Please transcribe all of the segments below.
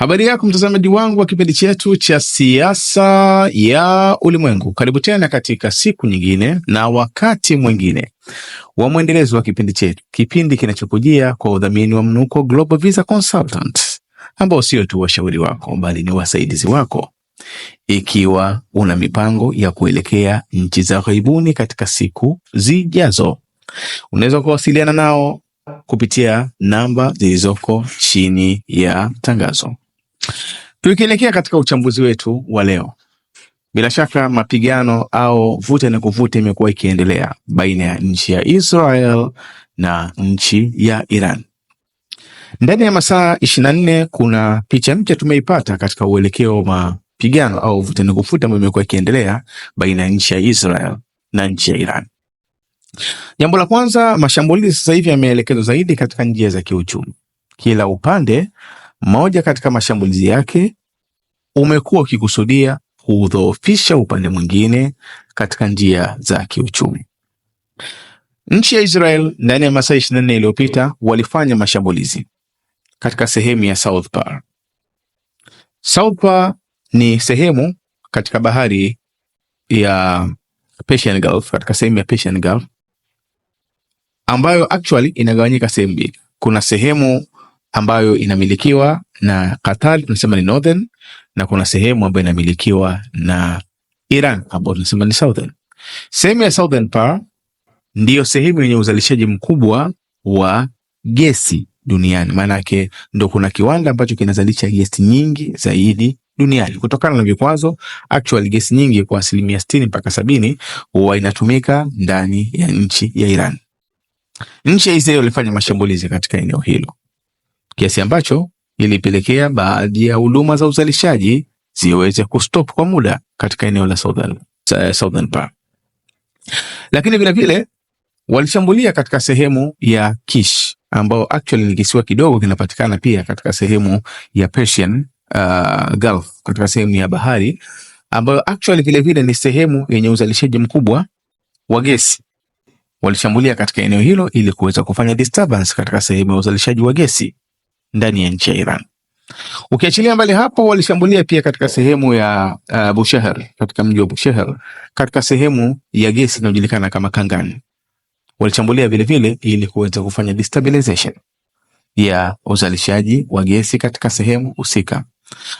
Habari yako mtazamaji wangu wa kipindi chetu cha siasa ya ulimwengu, karibu tena katika siku nyingine na wakati mwingine wa mwendelezo wa kipindi chetu, kipindi kinachokujia kwa udhamini wa mnuko Global Visa Consultant, ambao sio tu washauri wako bali ni wasaidizi wako ikiwa una mipango ya kuelekea nchi za ghaibuni katika siku zijazo. Unaweza kuwasiliana nao kupitia namba zilizoko chini ya tangazo. Tukielekea katika uchambuzi wetu wa leo, bila shaka mapigano au vuta na kuvuta imekuwa ikiendelea baina ya nchi ya Israel na nchi ya Iran. Ndani ya masaa ishirini na nne kuna picha mpya tumeipata katika uelekeo wa mapigano au vuta na kuvuta ambayo imekuwa ikiendelea baina ya nchi ya Israel na nchi ya Iran. Jambo la kwanza, mashambulizi sasa hivi yameelekezwa zaidi katika njia za kiuchumi. Kila upande moja katika mashambulizi yake umekuwa ukikusudia kuudhoofisha upande mwingine katika njia za kiuchumi. Nchi ya Israel ndani ya masaa 24 iliyopita walifanya mashambulizi katika sehemu ya South Par. South Par ni sehemu katika bahari ya Persian Gulf, katika sehemu ya Persian Gulf ambayo actually inagawanyika sehemu mbili. Kuna sehemu ambayo inamilikiwa na Qatar tunasema ni northern, na kuna sehemu ambayo inamilikiwa na Iran ambayo tunasema ni southern. Sehemu ya southern par ndiyo sehemu yenye uzalishaji mkubwa wa gesi duniani, maanake ndo kuna kiwanda ambacho kinazalisha gesi nyingi zaidi duniani kutokana na vikwazo. Actual gesi nyingi kwa asilimia sitini mpaka sabini huwa inatumika ndani ya nchi ya Iran. Nchi ya Israel ilifanya mashambulizi katika eneo hilo kiasi ambacho ilipelekea baadhi ya huduma za uzalishaji ziweze kustop kwa muda katika eneo la Southern, eh, Southern Park. Lakini vile vile walishambulia katika sehemu ya Kish ambao actually ni kisiwa kidogo kinapatikana pia katika sehemu ya Persian uh, Gulf, katika sehemu ya bahari ambayo actually vile vile ni sehemu yenye uzalishaji mkubwa wa gesi. Walishambulia katika eneo hilo ili kuweza kufanya disturbance katika sehemu ya uzalishaji wa gesi ndani ya nchi ya Iran. Ukiachilia mbali hapo, walishambulia pia katika sehemu ya uh, Bushehr, katika mji wa Bushehr, katika sehemu ya gesi inayojulikana kama Kangan. Walishambulia vile vile ili kuweza kufanya destabilization ya uzalishaji wa gesi katika sehemu husika.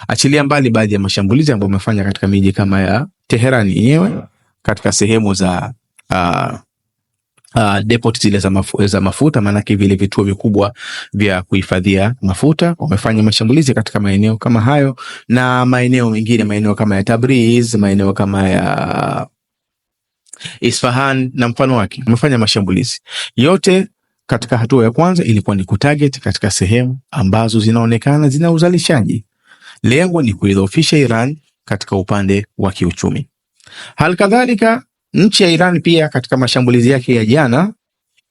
Achilia mbali baadhi ya mashambulizi ambayo wamefanya katika miji kama ya Teherani yenyewe katika sehemu za uh, Uh, depot zile za, mafu, za mafuta maanake vile vituo vikubwa vya kuhifadhia mafuta wamefanya mashambulizi katika maeneo kama hayo na maeneo mengine, maeneo kama ya Tabriz, maeneo kama ya Isfahan na mfano wake, wamefanya mashambulizi yote. Katika hatua ya kwanza ilikuwa ni kutarget katika sehemu ambazo zinaonekana zina uzalishaji, lengo ni kuidhoofisha Iran katika upande wa kiuchumi. Halikadhalika Nchi ya Iran pia katika mashambulizi yake ya jana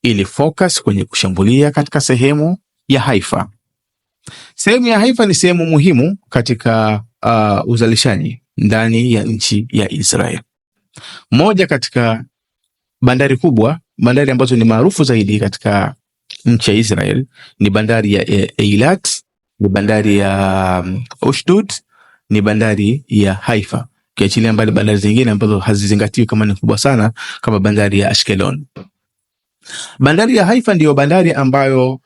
ilifocus kwenye kushambulia katika sehemu ya Haifa. Sehemu ya Haifa ni sehemu muhimu katika uh, uzalishaji ndani ya nchi ya Israel. Moja katika bandari kubwa, bandari ambazo ni maarufu zaidi katika nchi ya Israel ni bandari ya eh, Eilat, ni bandari ya Ashdod, um, ni bandari ya Haifa ukiachilia mbali bandari zingine ambazo hazizingatiwi kama ni kubwa sana kama bandari ya Ashkelon. Bandari ya Haifa ndiyo bandari ambayo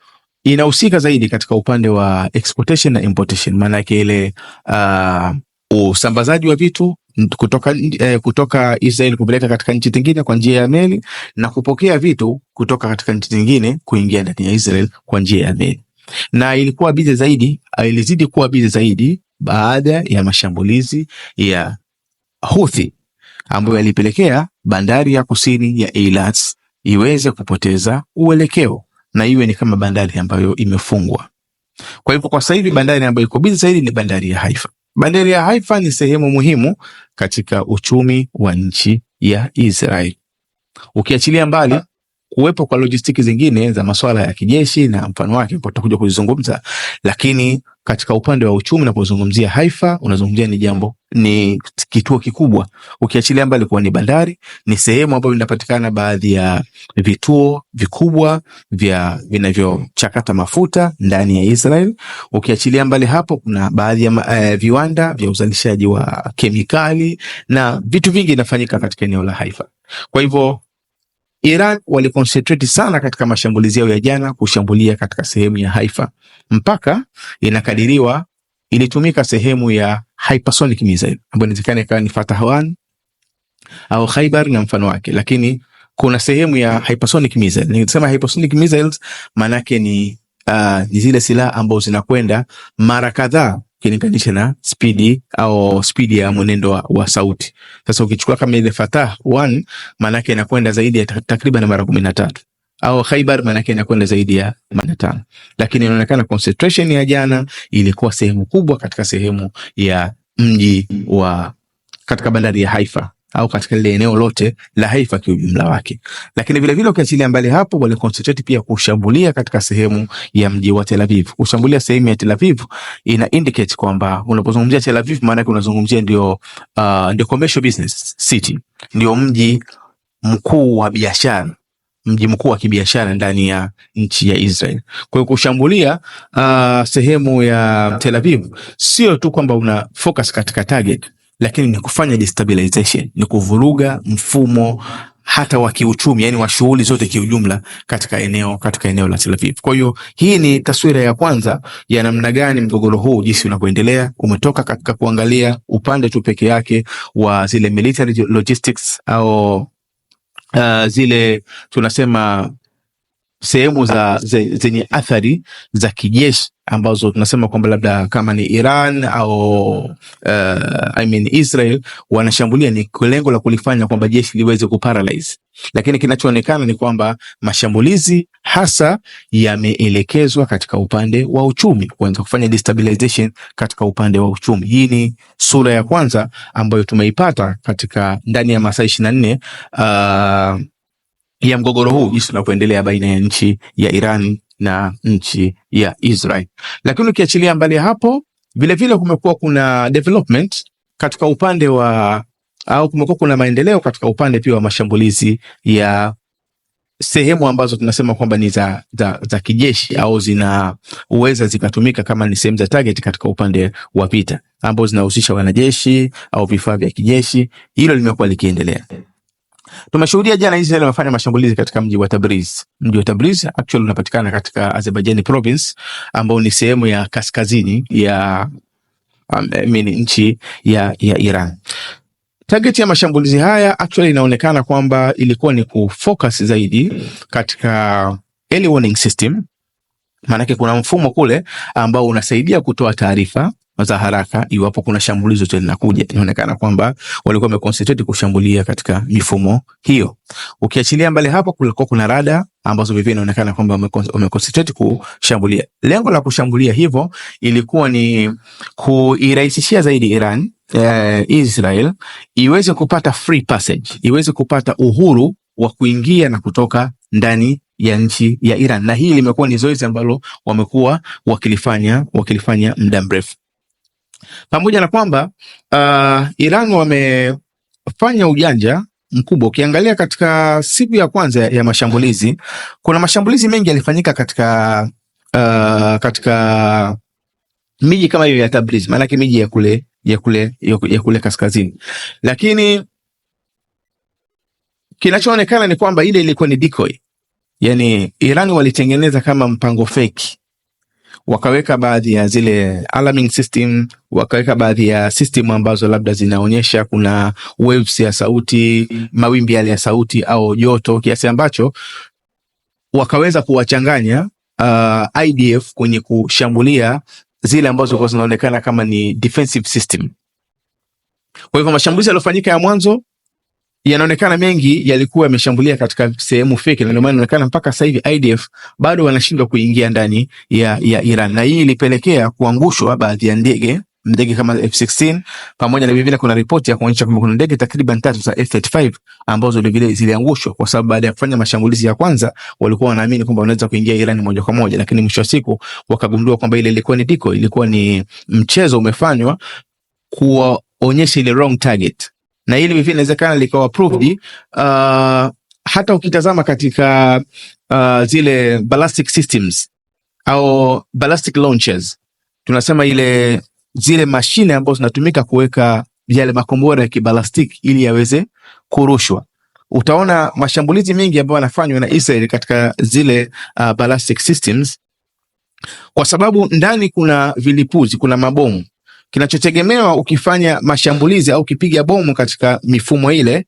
inahusika zaidi katika upande wa exportation na importation, maana yake ile uh, usambazaji wa vitu kutoka, eh, kutoka Israel kupeleka katika nchi nyingine kwa njia ya meli na kupokea vitu kutoka katika nchi nyingine kuingia ndani ya Israel kwa njia ya meli, na ilikuwa bize zaidi, ilizidi kuwa bize zaidi baada ya mashambulizi ya Houthi ambayo yalipelekea bandari ya kusini ya Eilat iweze kupoteza uelekeo na iwe ni kama bandari ambayo imefungwa. Kwa hivyo kwa sasa hivi bandari ambayo iko bizi zaidi ni bandari ya Haifa. Bandari ya Haifa ni sehemu muhimu katika uchumi wa nchi ya Israel, ukiachilia mbali kuwepo kwa lojistiki zingine za masuala ya kijeshi na mfano wake tutakuja kuzizungumza, lakini katika upande wa uchumi unapozungumzia Haifa unazungumzia ni jambo ni kituo kikubwa, ukiachilia mbali kuwa ni bandari, ni sehemu ambayo inapatikana baadhi ya vituo vikubwa vya vinavyochakata mafuta ndani ya Israel. Ukiachilia mbali hapo, kuna baadhi ya uh, viwanda vya uzalishaji wa kemikali na vitu vingi inafanyika katika eneo la Haifa. Kwa hivyo Iraq waliconcentrate sana katika mashambulizi yao ya jana kushambulia katika sehemu ya Haifa, mpaka inakadiriwa ilitumika sehemu ya hypersonic missile ambayo inawezekana ikawa ni Fatah One au Khaibar na mfano wake, lakini kuna sehemu ya hypersonic missile. Nikisema hypersonic missiles maana ni uh, ni zile silaha ambazo zinakwenda mara kadhaa ukilinganisha na spidi au spidi ya mwenendo wa, wa sauti. Sasa ukichukua kama ile Fatah 1 maana yake inakwenda zaidi ya takriban mara kumi na tatu au Khaibar maana yake inakwenda zaidi ya mara tano, lakini inaonekana concentration ya jana ilikuwa sehemu kubwa katika sehemu ya mji wa katika bandari ya Haifa au katika lile eneo lote la Haifa kwa ujumla wake. Lakini vile vile ukiachilia mbali hapo, wale concentrate pia kushambulia katika sehemu ya mji wa Tel Aviv. Kushambulia sehemu ya Tel Aviv ina indicate kwamba unapozungumzia Tel Aviv, maana yake unazungumzia ndio, uh, ndio commercial business city, ndio mji mkuu wa biashara mji mkuu wa kibiashara ndani ya nchi ya Israel. Kwa hiyo kushambulia uh, sehemu ya Tel Aviv sio tu kwamba una focus katika target lakini ni kufanya destabilization, ni kuvuruga mfumo hata wa kiuchumi yani wa shughuli zote kiujumla katika eneo, katika eneo la Tel Aviv. Kwa hiyo hii ni taswira ya kwanza ya namna gani mgogoro huu jinsi unavyoendelea umetoka katika kuangalia upande tu peke yake wa zile military logistics au uh, zile tunasema sehemu za zenye athari za kijeshi ambazo tunasema kwamba labda kama ni Iran au uh, I mean Israel wanashambulia ni lengo la kulifanya kwamba jeshi liweze kuparalyze, lakini kinachoonekana ni kwamba mashambulizi hasa yameelekezwa katika upande wa uchumi, kuanza kufanya destabilization katika upande wa uchumi. Hii ni sura ya kwanza ambayo tumeipata katika ndani ya masaa ishirini na nne uh, ya mgogoro huu jinsi unavyoendelea baina ya nchi ya Iran na nchi ya Israel. Lakini ukiachilia mbali hapo, vilevile kumekuwa kuna development katika upande wa au kumekuwa kuna maendeleo katika upande pia wa mashambulizi ya sehemu ambazo tunasema kwamba ni za, za, za kijeshi au zinaweza zikatumika kama ni sehemu za target katika upande wa vita ambazo zinahusisha wanajeshi au vifaa vya kijeshi. Hilo limekuwa likiendelea. Tumeshuhudia jana Israel amefanya mashambulizi katika mji wa Tabriz. Mji wa Tabriz actually unapatikana katika Azerbaijani province ambao ni sehemu ya kaskazini ya um, nchi ya, ya Iran. Target ya mashambulizi haya actually inaonekana kwamba ilikuwa ni kufocus zaidi katika early warning system. Maanake kuna mfumo kule ambao unasaidia kutoa taarifa za haraka iwapo kuna shambulizo tena linakuja. Inaonekana kwamba walikuwa wameconcentrate kushambulia katika mifumo hiyo. Ukiachilia mbali hapo, kulikuwa kuna rada ambazo vivyo inaonekana kwamba wameconcentrate kushambulia. Lengo la kushambulia hivyo ilikuwa ni kuirahisishia zaidi Iran eh, Israel iweze kupata free passage, iweze kupata uhuru wa kuingia na kutoka ndani ya nchi ya Iran, na hii limekuwa ni zoezi ambalo wamekuwa wakilifanya wakilifanya muda mrefu pamoja na kwamba uh, Iran wamefanya ujanja mkubwa. Ukiangalia katika siku ya kwanza ya mashambulizi, kuna mashambulizi mengi yalifanyika katika uh, katika miji kama hiyo ya Tabriz, maanake miji ya kule ya kule ya kule kaskazini, lakini kinachoonekana ni kwamba ile ilikuwa ni decoy, yani Iran walitengeneza kama mpango feki wakaweka baadhi ya zile alarming system, wakaweka baadhi ya system ambazo labda zinaonyesha kuna waves ya sauti, mawimbi yale ya sauti au joto, kiasi ambacho wakaweza kuwachanganya uh, IDF kwenye kushambulia zile ambazo kwa zinaonekana kama ni defensive system. Kwa hivyo mashambulizi yaliyofanyika ya mwanzo yanaonekana mengi yalikuwa yameshambulia katika sehemu feki, na ndio maana inaonekana mpaka sasa hivi IDF bado wanashindwa kuingia ndani ya, ya Iran, na hii ilipelekea kuangushwa baadhi ya ndege ndege kama F16 pamoja na vilevile, kuna ripoti ya kuonyesha kwamba kuna ndege takriban tatu za F35 ambazo vilevile ziliangushwa, kwa sababu baada ya kufanya mashambulizi ya kwanza walikuwa wanaamini kwamba wanaweza kuingia Irani moja kwa moja, lakini mwisho wa siku wakagundua kwamba ile ilikuwa ni diko, ilikuwa ni mchezo umefanywa kuwaonyesha ile wrong target na hili vile inawezekana likawa approved. Mm-hmm. Uh, hata ukitazama katika uh, zile ballistic systems au ballistic launches, tunasema ile zile mashine ambazo zinatumika kuweka yale makombora ya kibalastik ili yaweze kurushwa. Utaona mashambulizi mengi ambayo yanafanywa na Israel katika zile uh, ballistic systems, kwa sababu ndani kuna vilipuzi, kuna mabomu Kinachotegemewa ukifanya mashambulizi au ukipiga bomu katika mifumo ile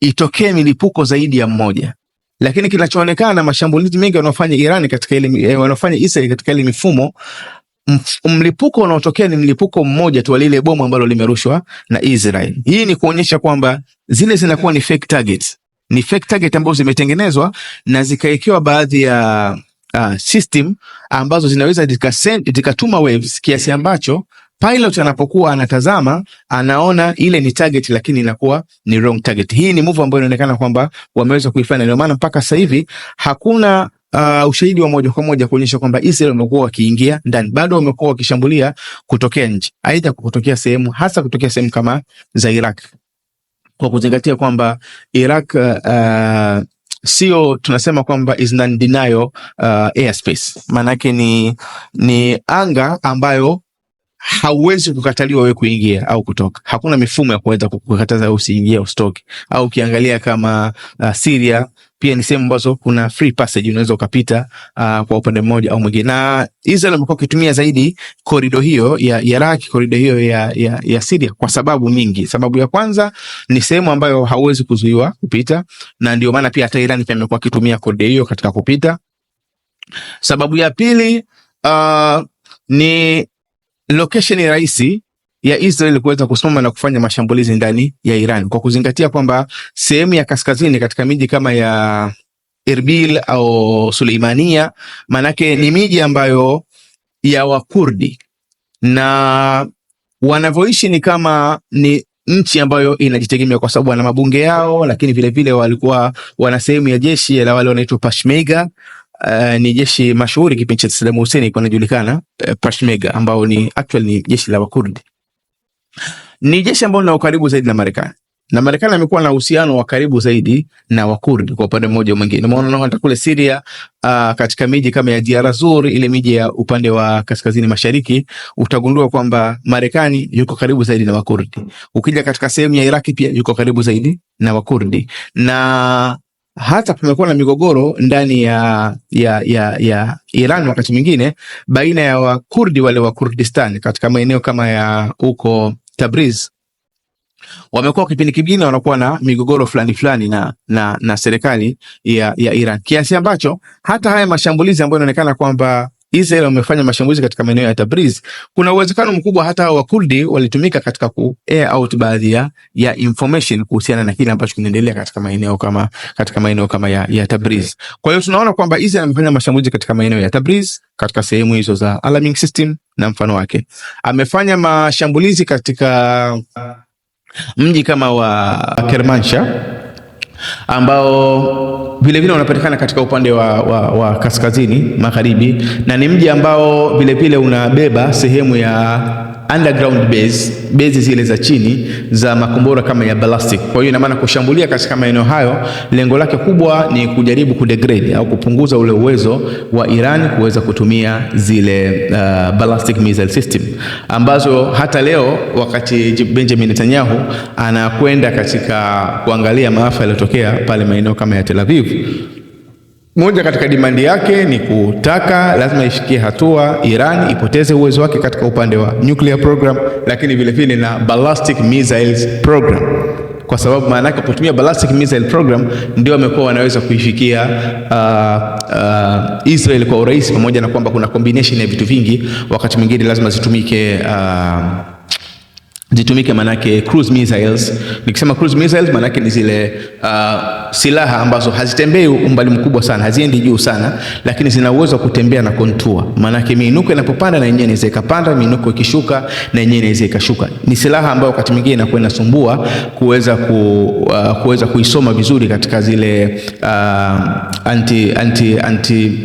itokee milipuko zaidi ya mmoja, lakini kinachoonekana mashambulizi mengi wanaofanya Irani katika ile eh, wanaofanya Israel katika ile mifumo mlipuko unaotokea ni mlipuko mmoja tu wa lile bomu ambalo limerushwa na Israel. Hii ni kuonyesha kwamba zile zinakuwa ni fake targets, ni fake target ambazo zimetengenezwa na zikawekewa baadhi ya uh, system ambazo zinaweza zikatuma waves kiasi ambacho Pilot anapokuwa anatazama anaona ile ni target, lakini inakuwa ni wrong target. Hii ni move ambayo inaonekana kwamba wameweza kuifanya, ndio maana mpaka sasa hivi hakuna Uh, ushahidi wa moja kwa moja kuonyesha kwamba Israel wamekuwa wakiingia ndani, bado wamekuwa wakishambulia kutokea nje, aidha kutokea sehemu hasa kutokea sehemu kama za Iraq, kwa kuzingatia kwamba Iraq uh, uh sio tunasema kwamba is non denial uh, airspace, maanake ni, ni anga ambayo hauwezi kukataliwa wewe kuingia au kutoka. Hakuna mifumo ya kuweza kukataza wewe usiingie usitoke. Au ukiangalia kama uh, Syria pia ni sehemu ambazo kuna free passage unaweza ukapita uh, kwa upande mmoja au mwingine, na Israel amekuwa ukitumia zaidi korido hiyo ya Iraq, korido hiyo ya, ya, ya Syria kwa sababu mingi. Sababu ya kwanza ni sehemu ambayo hauwezi kuzuiwa kupita, na ndio maana pia hata Iran pia amekuwa akitumia korido hiyo katika kupita. Sababu ya pili uh, ni location rahisi ya Israel kuweza kusoma na kufanya mashambulizi ndani ya Iran kwa kuzingatia kwamba sehemu ya kaskazini katika miji kama ya Erbil au Suleimania, manake ni miji ambayo ya Wakurdi na wanavyoishi ni kama ni nchi ambayo inajitegemea kwa sababu wana mabunge yao, lakini vilevile walikuwa wana sehemu ya jeshi la wale wanaitwa Peshmerga Uh, ni jeshi mashuhuri kipindi cha Saddam Hussein ilikuwa inajulikana uh, Peshmerga ambao ni actually ni jeshi la Wakurdi. Ni jeshi ambalo lina ukaribu zaidi na Marekani. Na Marekani amekuwa na uhusiano wa karibu zaidi na Wakurdi kwa upande mmoja mwingine. Umeona hata kule Syria uh, katika miji kama ya Deir Ezzor, ile miji ya upande wa kaskazini mashariki, utagundua kwamba Marekani yuko karibu zaidi na Wakurdi. Ukija katika sehemu ya Iraki pia yuko karibu zaidi na Wakurdi. Na hata pamekuwa na migogoro ndani ya, ya, ya, ya Iran wakati mwingine baina ya Wakurdi wale wa Kurdistan katika maeneo kama ya huko Tabriz wamekuwa kipindi kingine wanakuwa na migogoro fulani fulani na, na, na serikali ya, ya Iran kiasi ambacho hata haya mashambulizi ambayo inaonekana kwamba Israel wamefanya mashambulizi katika maeneo ya Tabriz, kuna uwezekano mkubwa hata Wakurdi walitumika katika ku air out baadhi ya, ya information kuhusiana na kile ambacho kinaendelea katika maeneo kama, katika maeneo kama ya, ya Tabriz. Kwa hiyo tunaona kwamba Israel amefanya mashambulizi katika maeneo ya Tabriz katika sehemu hizo za alarming system na mfano wake. Amefanya mashambulizi katika mji kama wa Kermansha ambao vilevile unapatikana katika upande wa, wa, wa kaskazini magharibi na ni mji ambao vilevile unabeba sehemu ya underground base, base zile za chini za makombora kama ya ballistic. Kwa hiyo ina maana kushambulia katika maeneo hayo lengo lake kubwa ni kujaribu kudegrade au kupunguza ule uwezo wa Iran kuweza kutumia zile uh, ballistic missile system ambazo hata leo wakati Benjamin Netanyahu anakwenda katika kuangalia maafa yaliyotokea pale maeneo kama ya Tel Aviv moja katika dimandi yake ni kutaka lazima ishikie hatua Iran ipoteze uwezo wake katika upande wa nuclear program, lakini vilevile na ballistic missiles program, kwa sababu maana yake kutumia ballistic missile program ndio wamekuwa wanaweza kuifikia uh, uh, Israel kwa urahisi, pamoja na kwamba kuna combination ya vitu vingi, wakati mwingine lazima zitumike uh, zitumike manake cruise missiles. Nikisema cruise missiles manake ni zile uh, silaha ambazo hazitembei umbali mkubwa sana, haziendi juu sana, lakini zina uwezo wa kutembea na kontua. Manake miinuko inapopanda na yenyewe inaweza ikapanda, miinuko ikishuka na yenyewe inaweza ikashuka. Ni silaha ambayo wakati mwingine inakuwa inasumbua kuweza ku, uh, kuweza kuisoma vizuri katika zile uh, anti, anti, anti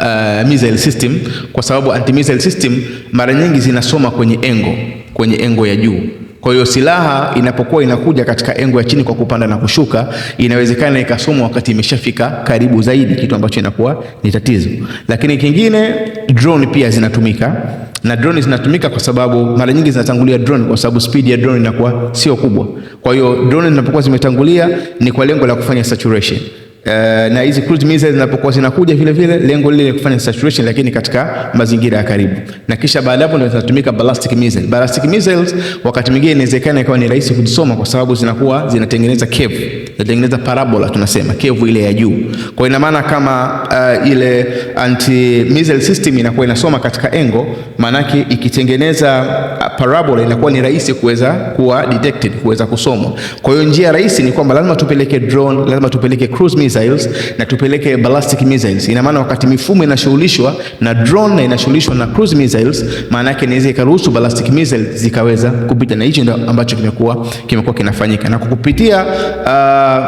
uh, missile system, kwa sababu anti missile system mara nyingi zinasoma kwenye engo kwenye engo ya juu. Kwa hiyo silaha inapokuwa inakuja katika engo ya chini kwa kupanda na kushuka, inawezekana ikasomwa wakati imeshafika karibu zaidi, kitu ambacho inakuwa ni tatizo. Lakini kingine, drone pia zinatumika na drone zinatumika kwa sababu mara nyingi zinatangulia drone kwa sababu speed ya drone inakuwa sio kubwa. Kwa hiyo drone zinapokuwa zimetangulia ni kwa lengo la kufanya saturation. Eh, na hizi cruise missiles zinapokuwa zinakuja vile vile, lengo lile ni kufanya saturation, lakini katika mazingira ya karibu, na kisha baada hapo ndio zinatumika ballistic missiles. Ballistic missiles wakati mwingine inawezekana ikawa ni rahisi kujisoma kwa sababu zinakuwa zinatengeneza cave Natengeneza parabola tunasema kevu ile ya juu. Kwa ina maana kama uh, ile anti missile system inakuwa inasoma katika engo, maanake ikitengeneza uh, parabola inakuwa ni rahisi kuweza kuwa detected, kuweza kusomwa. Kwa hiyo njia rahisi ni kwamba lazima tupeleke drone, lazima tupeleke cruise missiles na tupeleke ballistic missiles. Ina maana wakati mifumo inashughulishwa na drone na inashughulishwa na cruise missiles, maana yake inaweza ikaruhusu ballistic missiles zikaweza kupita, na hicho ndio ambacho kimekuwa kimekuwa kinafanyika na kukupitia uh, Uh,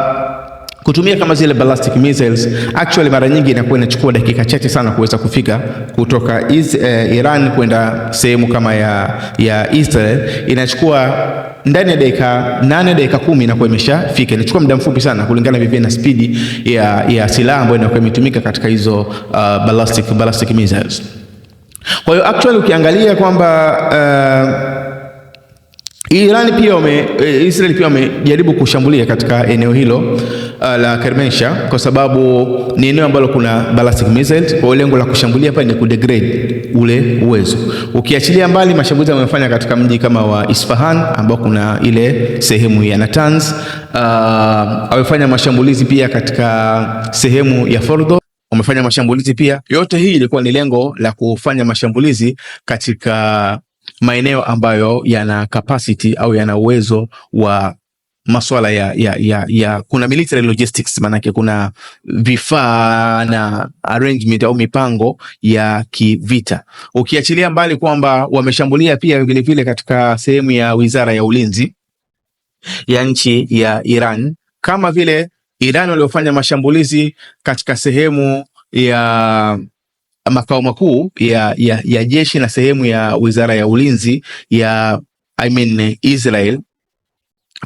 kutumia kama zile ballistic missiles actually, mara nyingi inakuwa inachukua dakika chache sana kuweza kufika kutoka iz, eh, uh, Iran kwenda sehemu kama ya, ya Israel inachukua ndani ya dakika nane dakika kumi inakuwa imeshafika. Inachukua muda mfupi sana kulingana vivyo na spidi ya, ya silaha ambayo inakuwa imetumika katika hizo uh, ballistic, ballistic missiles. Kwa hiyo actually ukiangalia kwamba uh, Irani pia wame, eh, Israel pia wamejaribu kushambulia katika eneo hilo uh, la Kermesha kwa sababu ni eneo ambalo kuna ballistic missiles, kwa lengo la kushambulia hapa ni degrade ule uwezo. Ukiachilia mbali mashambulizi yamefanya katika mji kama wa Isfahan ambao kuna ile sehemu ya Natanz, Uh, ah, amefanya mashambulizi pia katika sehemu ya Fordo wamefanya mashambulizi pia. Yote hii ilikuwa ni lengo la kufanya mashambulizi katika maeneo ambayo yana capacity au yana uwezo wa masuala ya, ya, ya, ya kuna military logistics, maanake kuna vifaa na arrangement au mipango ya kivita, ukiachilia mbali kwamba wameshambulia pia vilevile katika sehemu ya wizara ya ulinzi ya nchi ya Iran, kama vile Iran waliofanya mashambulizi katika sehemu ya makao makuu ya, ya, ya jeshi na sehemu ya wizara ya ulinzi ya I mean, Israel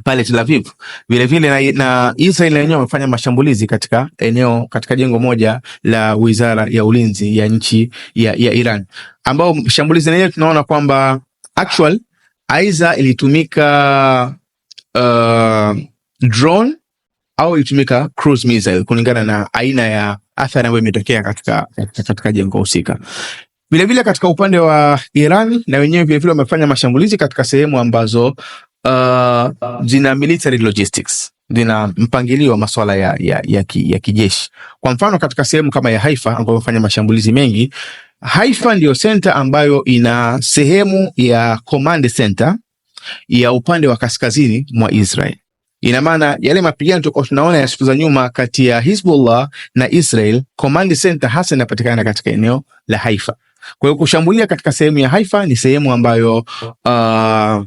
pale Tel Aviv vilevile na, na Israel yenyewe wamefanya mashambulizi katika eneo katika jengo moja la wizara ya ulinzi ya nchi ya, ya Iran, ambao shambulizi lenyewe tunaona kwamba actual aiza ilitumika uh, drone au ilitumika cruise missile kulingana na aina ya athari ambayo imetokea katika, katika katika jengo husika. Vilevile katika upande wa Iran na wenyewe vilevile wamefanya mashambulizi katika sehemu ambazo uh, zina military logistics zina mpangilio wa masuala ya, ya, ya, ki, ya kijeshi. Kwa mfano katika sehemu kama ya Haifa ambayo wamefanya mashambulizi mengi. Haifa ndiyo center ambayo ina sehemu ya command center ya upande wa kaskazini mwa Israel Ina maana yale mapigano tulikuwa tunaona ya siku za nyuma kati ya Hizbullah na Israel, command center hasa inapatikana katika eneo la Haifa. Kwa hiyo kushambulia katika sehemu ya Haifa ni sehemu ambayo uh,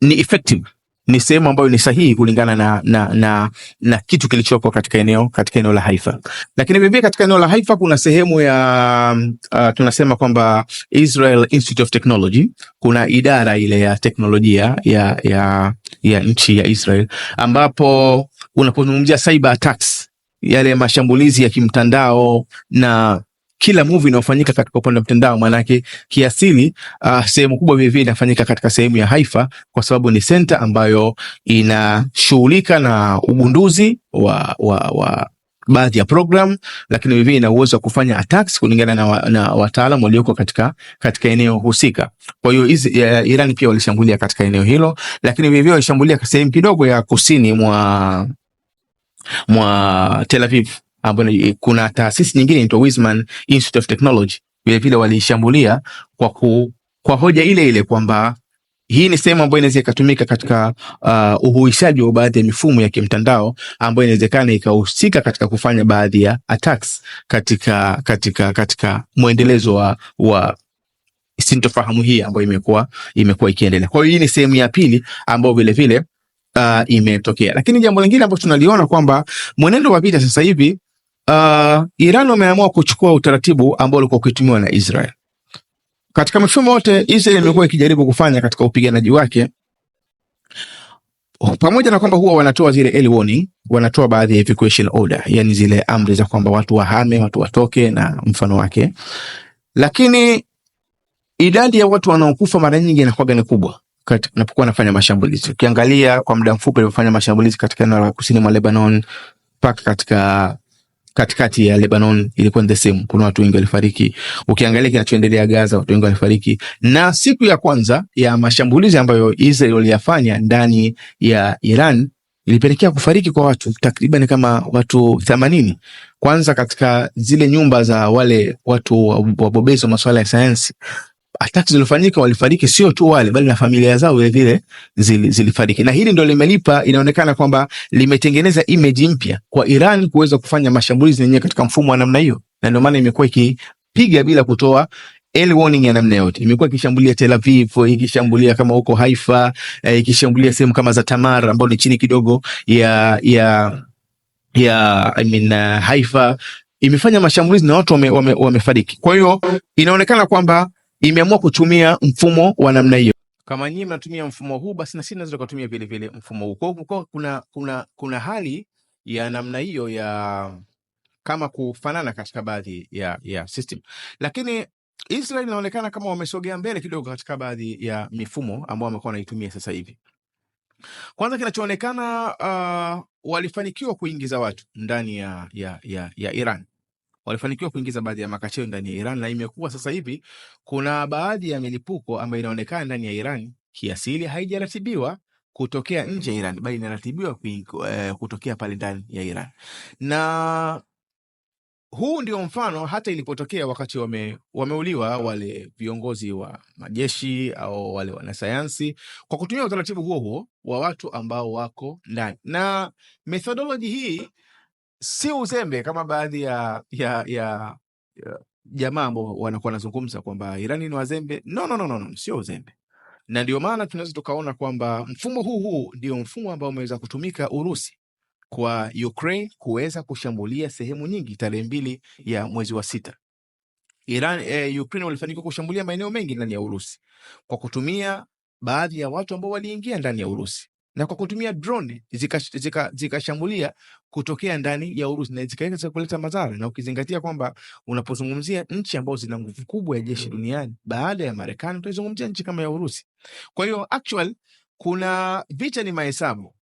ni effective ni sehemu ambayo ni sahihi kulingana na, na, na, na kitu kilichoko katika eneo katika eneo la Haifa. Lakini vilevile katika eneo la Haifa kuna sehemu ya uh, tunasema kwamba Israel Institute of Technology, kuna idara ile ya teknolojia ya, ya, ya nchi ya Israel ambapo unapozungumzia cyber attacks, yale mashambulizi ya kimtandao na kila movie inayofanyika katika upande wa mtandao, maanake kiasili, uh, sehemu kubwa vivyo inafanyika katika sehemu ya Haifa, kwa sababu ni senta ambayo inashughulika na ugunduzi wa, wa, wa baadhi ya program, lakini vivyo ina uwezo wa kufanya attacks kulingana na, wa, na wataalamu walioko katika, katika eneo husika. Kwa hiyo Iran pia walishambulia katika eneo hilo, lakini vivyo walishambulia sehemu kidogo ya kusini mwa, mwa Tel Aviv ambayo ah, kuna taasisi nyingine inaitwa Wisman Institute of Technology, vile vile waliishambulia kwa ku, kwa hoja ile ile kwamba hii ni sehemu ambayo inaweza ikatumika katika uh, uhuishaji wa baadhi ya mifumo ya kimtandao ambayo inawezekana ikahusika katika kufanya baadhi ya attacks katika, katika, katika mwendelezo wa, wa sintofahamu hii ambayo imekuwa imekuwa ikiendelea. Kwa hiyo hii ni sehemu ya pili ambayo vilevile uh, imetokea, lakini jambo lingine ambalo tunaliona kwamba mwenendo wa vita sasa hivi uh, Iran wameamua kuchukua utaratibu ambao ulikuwa ukitumiwa na Israel. Katika mifumo yote Israel imekuwa ikijaribu kufanya katika upiganaji wake, pamoja na kwamba huwa wanatoa zile early warning, wanatoa baadhi ya evacuation order, yani zile amri za kwamba watu wahame, watu watoke na mfano wake, lakini idadi ya watu wanaokufa mara nyingi inakuwa ni kubwa napokuwa anafanya mashambulizi. Ukiangalia kwa muda mfupi alivyofanya mashambulizi katika eneo la kusini mwa Lebanon mpaka katika katikati ya Lebanon ilikuwa ni the same. Kuna watu wengi walifariki. Ukiangalia kinachoendelea Gaza, watu wengi walifariki. Na siku ya kwanza ya mashambulizi ambayo Israel waliyafanya ndani ya Iran ilipelekea kufariki kwa watu takriban kama watu themanini. Kwanza katika zile nyumba za wale watu wabobezi wa masuala ya sayansi ataki zilizofanyika walifariki sio tu wale bali na familia zao vile vilevile zilifariki, na hili ndio limelipa, inaonekana kwamba limetengeneza image mpya kwa Iran kuweza kufanya mashambulizi yenyewe katika mfumo wa namna hiyo, na ndio maana imekuwa ikipiga bila kutoa early warning ya namna yote. Imekuwa ikishambulia Tel Aviv, ikishambulia kama huko Haifa, eh, ikishambulia sehemu kama za Tamar ambayo ni chini kidogo ya ya ya I mean, uh, Haifa imefanya mashambulizi na watu wamefariki wame, wame. Kwa hiyo inaonekana kwamba imeamua kutumia mfumo wa namna hiyo. Kama nyinyi mnatumia mfumo huu, basi na sisi naweza tukatumia vile vile mfumo huu. Kwa hiyo kuna, kuna, kuna hali ya namna hiyo ya kama kufanana katika baadhi ya, ya system, lakini Israel inaonekana kama wamesogea mbele kidogo katika baadhi ya mifumo ambayo wamekuwa wanaitumia sasa hivi. Kwanza kinachoonekana uh, walifanikiwa kuingiza watu ndani ya, ya, ya, ya Iran walifanikiwa kuingiza baadhi ya makacheo ndani ya Iran na imekuwa sasa hivi kuna baadhi ya milipuko ambayo inaonekana ndani ya Iran kiasili haijaratibiwa kutokea nje ya Iran bali inaratibiwa eh, kutokea pale ndani ya Iran. Na huu ndio mfano hata ilipotokea wakati wame, wameuliwa wale viongozi wa majeshi au wale wanasayansi kwa kutumia utaratibu huo huo wa watu ambao wako ndani, na methodoloji hii si uzembe kama baadhi ya ya ya jamaa ambao wanakuwa wanazungumza kwamba Irani ni wazembe. No, no, no, no, no, sio uzembe, na ndio maana tunaweza tukaona kwamba mfumo huu huu ndio mfumo ambao umeweza kutumika Urusi kwa Ukraine kuweza kushambulia sehemu nyingi tarehe mbili ya mwezi wa sita. Iran, eh, Ukraine walifanikiwa kushambulia maeneo mengi ndani ya Urusi kwa kutumia baadhi ya watu ambao waliingia ndani ya Urusi na kwa kutumia drone zikashambulia zika, zika kutokea ndani ya Urusi na zikaweza kuleta madhara, na ukizingatia kwamba unapozungumzia nchi ambazo zina nguvu kubwa ya jeshi mm. duniani baada ya Marekani utaizungumzia nchi kama ya Urusi. Kwa hiyo actual kuna vita ni mahesabu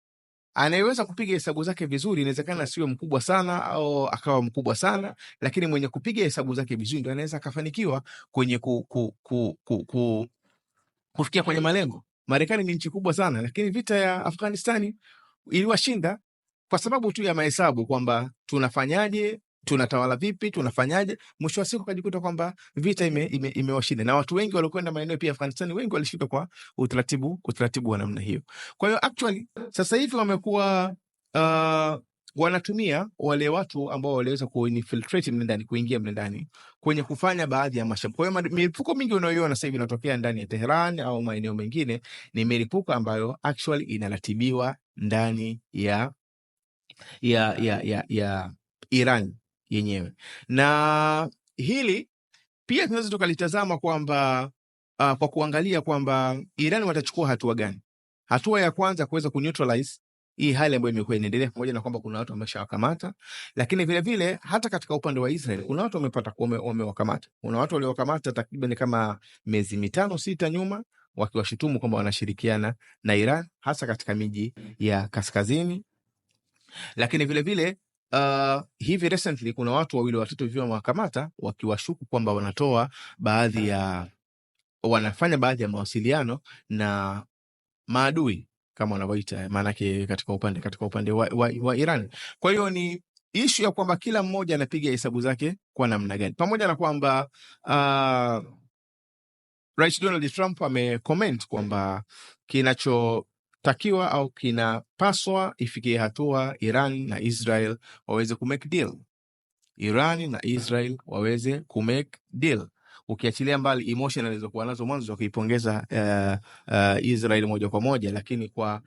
anayeweza kupiga hesabu zake vizuri, inawezekana sio mkubwa sana au akawa mkubwa sana, lakini mwenye kupiga hesabu zake vizuri ndo anaweza akafanikiwa kwenye ku, ku, ku, ku, ku, kufikia kwenye malengo. Marekani ni nchi kubwa sana, lakini vita ya Afghanistani iliwashinda kwa sababu tu ya mahesabu kwamba tunafanyaje, tunatawala vipi, tunafanyaje. Mwisho wa siku akajikuta kwamba vita imewashinda ime, ime na watu wengi waliokwenda maeneo pia Afghanistani wengi walishindwa kwa utaratibu utaratibu wa namna hiyo. Kwa hiyo actually sasa hivi wamekuwa uh, wanatumia wale watu ambao waliweza kuinfiltrate mle ndani, kuingia mle ndani kwenye kufanya baadhi ya mashambulizi. Kwa hiyo milipuko mingi unayoiona sasa hivi inatokea ndani ya Tehran au maeneo mengine ni milipuko ambayo actually inaratibiwa ndani ya, ya, ya, ya, ya Iran yenyewe, na hili pia tunaweza tukalitazama kwamba uh, kwa kuangalia kwamba Iran watachukua hatua gani. Hatua ya kwanza kuweza kuneutralize hii hali ambayo imekuwa inaendelea, pamoja na kwamba kuna watu wameshawakamata, lakini vilevile vile, hata katika upande wa Israel kuna watu wamepata wamewakamata, kuna watu waliowakamata takriban kama miezi mitano sita nyuma wakiwashutumu kwamba wanashirikiana na Iran hasa katika miji ya kaskazini, lakini vile vile, Uh, hivi recently kuna watu wawili watatu hivi wamewakamata wakiwashuku kwamba wanatoa baadhi ya wanafanya baadhi ya mawasiliano na maadui kama wanavyoita maanake, katika upande katika upande wa, wa, wa Iran. Kwa hiyo ni ishu ya kwamba kila mmoja anapiga hesabu zake kwa namna gani, pamoja na kwamba uh, Rais Donald Trump amecomment kwamba kinachotakiwa au kinapaswa ifikie hatua Iran na Israel waweze kumake deal, Iran na Israel waweze kumake deal ukiachilia mbali emotion alizokuwa nazo mwanzo, kuipongeza uh, eh, uh, eh, Israel moja kwa moja, lakini kwa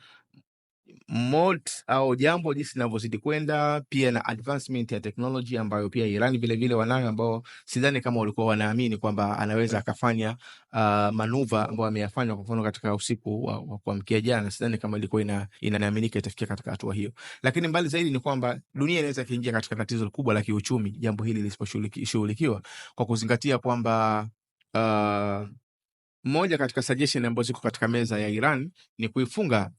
mod au jambo jinsi linavyozidi kwenda, pia na advancement ya technology ambayo pia Iran vilevile wanayo, ambao sidhani kama walikuwa wanaamini kwamba anaweza akafanya uh, manuva ambayo ameyafanya kwa mfano katika usiku wa, wa kuamkia jana. Sidhani kama ilikuwa ina, inaaminika itafikia katika hatua hiyo, lakini mbali zaidi ni kwamba dunia inaweza kaingia katika tatizo kubwa la kiuchumi jambo hili lisiposhughulikiwa kwa kuzingatia kwamba uh, moja katika suggestion ambazo ziko katika meza ya Iran ni kuifunga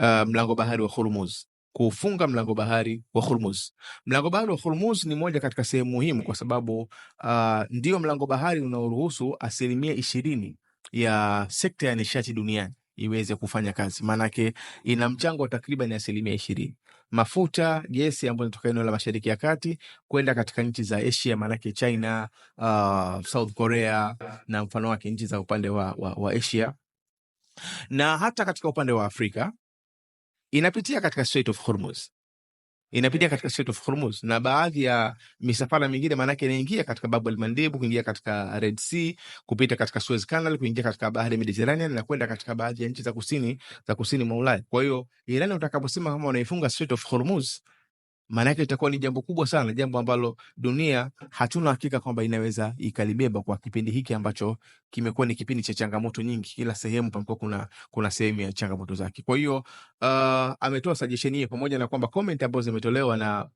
uh, mlango bahari wa Hormuz, kufunga mlango bahari wa Hormuz. Mlango bahari wa Hormuz ni moja katika sehemu muhimu kwa sababu uh, ndio mlango bahari unaoruhusu asilimia ishirini ya sekta ya nishati duniani iweze kufanya kazi, maanake ina mchango wa takriban asilimia ishirini mafuta gesi ambayo inatoka eneo la Mashariki ya Kati kwenda katika nchi za Asia, maanake China, uh, South Korea na mfano wake nchi za upande wa, wa, wa Asia na hata katika upande wa Afrika inapitia katika Strait of Hormuz, inapitia katika Strait of Hormuz na baadhi ya misafara mingine, maanake inaingia katika Bab el Mandeb, kuingia katika Red Sea, kupita katika Suez Canal, kuingia katika bahari ya Mediterranean na kwenda katika baadhi ya nchi za kusini za kusini mwa Ulaya. Kwa hiyo Irani utakaposema kama wanaifunga Strait of Hormuz maana yake litakuwa ni jambo kubwa sana, jambo ambalo dunia hatuna hakika kwamba inaweza ikalibeba kwa kipindi hiki ambacho kimekuwa ni kipindi cha changamoto nyingi. Kila sehemu pamekuwa kuna, kuna sehemu ya changamoto zake. Kwa hiyo uh, ametoa sajesheni hiyo, pamoja na kwamba comment ambazo zimetolewa na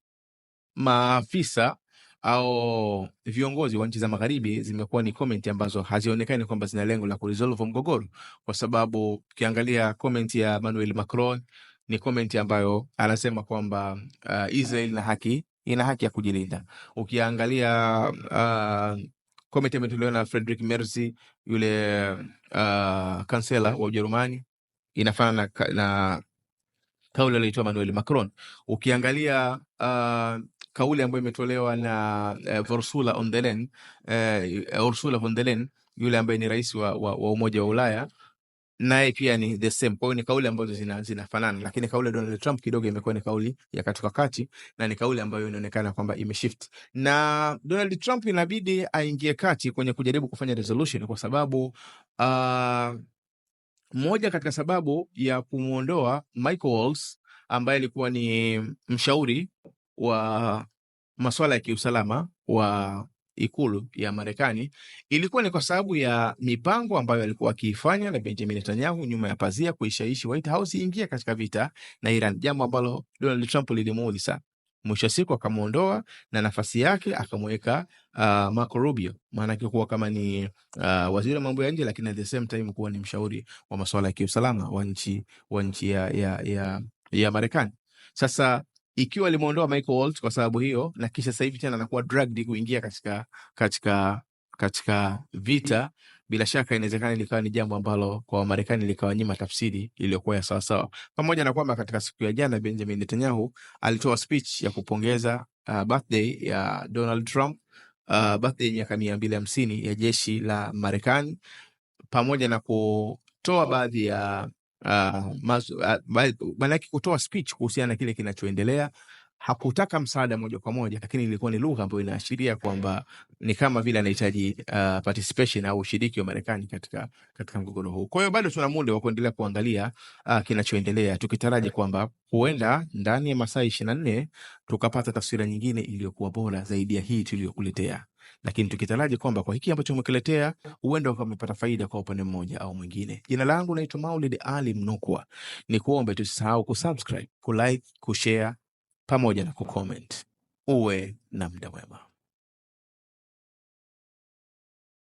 maafisa au viongozi wa nchi za magharibi zimekuwa ni comment ambazo hazionekani kwamba zina lengo la kuresolve mgogoro, kwa sababu ukiangalia comment ya Emmanuel Macron ni komenti ambayo anasema kwamba uh, Israel ina haki ina haki ya kujilinda. Ukiangalia uh, komenti ametolewa na Frederick Merzi yule uh, kansela wa Ujerumani, inafana na, na kauli aliyoitoa Manuel Macron. Ukiangalia uh, kauli ambayo imetolewa na uh, Ursula von der Leyen uh, Ursula von der Leyen yule ambaye ni rais wa, wa, wa Umoja wa Ulaya naye pia ni the same. Kwa hiyo ni kauli ambazo zina, zinafanana, lakini kauli ya Donald Trump kidogo imekuwa ni kauli ya katika kati na ni kauli ambayo inaonekana kwamba imeshift, na Donald Trump inabidi aingie kati kwenye kujaribu kufanya resolution kwa sababu uh, moja katika sababu ya kumwondoa Michael Waltz ambaye alikuwa ni mshauri wa masuala ya kiusalama wa ikulu ya Marekani ilikuwa ni kwa sababu ya mipango ambayo alikuwa akiifanya na Benjamin Netanyahu nyuma ya pazia kuishaishi White House iingia katika vita na Iran, jambo ambalo Donald Trump lilimuudhi sana. Mwisho wa siku akamwondoa na nafasi yake akamweka uh, Marco Rubio, maanake kuwa kama ni uh, waziri wa mambo ya nje, lakini at the same time kuwa ni mshauri wa masuala ya kiusalama wa nchi wa nchi ya, ya, ya, ya Marekani. Sasa ikiwa alimwondoa Michael kwa sababu hiyo, na kisha sasa hivi tena anakuwa dragged kuingia katika katika katika vita, bila shaka inawezekana likawa ni jambo ambalo kwa Wamarekani nyima tafsiri iliyokuwa ya sawasawa, pamoja na kwamba katika siku ya jana Benjamin Netanyahu alitoa speech ya kupongeza uh, birthday ya Donald Trump uh, birthday miaka mia mbili hamsini ya jeshi la Marekani pamoja na kutoa baadhi ya Ah, ah, maanake kutoa speech kuhusiana na kile kinachoendelea. Hakutaka msaada moja kwa moja, lakini ilikuwa ni lugha ambayo inaashiria kwamba ni kama vile anahitaji uh, participation au ushiriki wa Marekani katika, katika mgogoro huu. Kwa hiyo bado tuna muda wa kuendelea kuangalia uh, kinachoendelea, tukitaraji kwamba huenda ndani ya masaa ishirini na nne tukapata taswira nyingine iliyokuwa bora zaidi ya hii tuliyokuletea lakini tukitaraji kwamba kwa hiki ambacho umekiletea huenda umepata faida kwa upande mmoja au mwingine. Jina langu naitwa Maulid Ali Mnukwa, ni kuombe tusisahau kusubscribe, kulike, kushare pamoja na kucomment. Uwe na muda mwema.